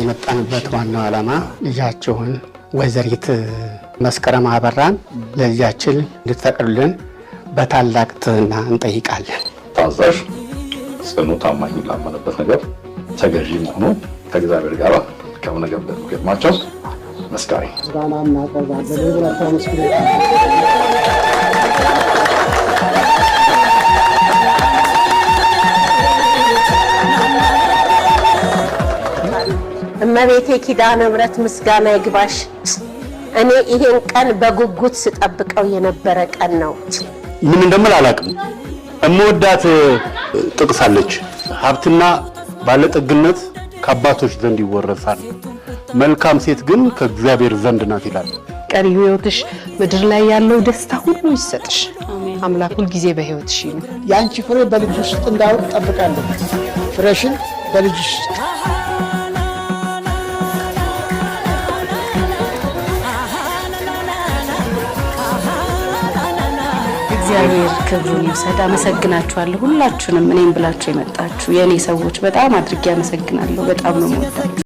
የመጣንበት ዋናው ዓላማ ልጃችሁን ወይዘሪት መስከረም አበራን ለልጃችን እንድትፈቅዱልን በታላቅ ትህትና እንጠይቃለን። ታዛዥ፣ ጽኑ፣ ታማኝ ላመነበት ነገር ተገዢ መሆኑ ከእግዚአብሔር ጋር ከምነገበት ገጥማቸው መስካሪ እመቤቴ ኪዳነ ምሕረት ምስጋና ይግባሽ። እኔ ይሄን ቀን በጉጉት ስጠብቀው የነበረ ቀን ነው። ምን እንደምል አላውቅም። እመወዳት ጥቅሳለች ሀብትና ባለጠግነት ከአባቶች ዘንድ ይወረሳል፣ መልካም ሴት ግን ከእግዚአብሔር ዘንድ ናት ይላል። ቀሪ ህይወትሽ ምድር ላይ ያለው ደስታ ሁሉ ይሰጥሽ። አምላክ ሁልጊዜ በሕይወትሽ ነው። የአንቺ ፍሬ በልጅ ውስጥ እንዳውቅ ጠብቃለሁ። ፍሬሽን በልጅ ውስጥ እግዚአብሔር ክብሩን ይውሰድ። አመሰግናችኋለሁ ሁላችሁንም፣ እኔም ብላችሁ የመጣችሁ የእኔ ሰዎች በጣም አድርጌ አመሰግናለሁ። በጣም ነው የምወዳችሁ።